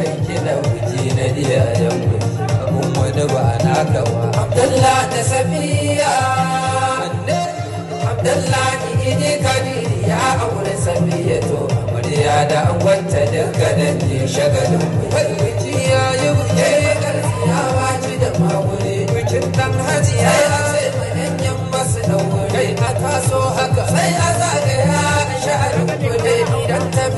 kan kiɗa kuke na iyayen a abun wani ba naka ba abdullah da safiya abdullah ki idi kadiri ya aure safiya to amarya da angwanta dinka da ke shagalin ku walwiki ya yi wuce ya waci da magure bikin dan hajiya ya ce manyan masu daure a taso haka sai a zagaya a sha'arin kudai idan ta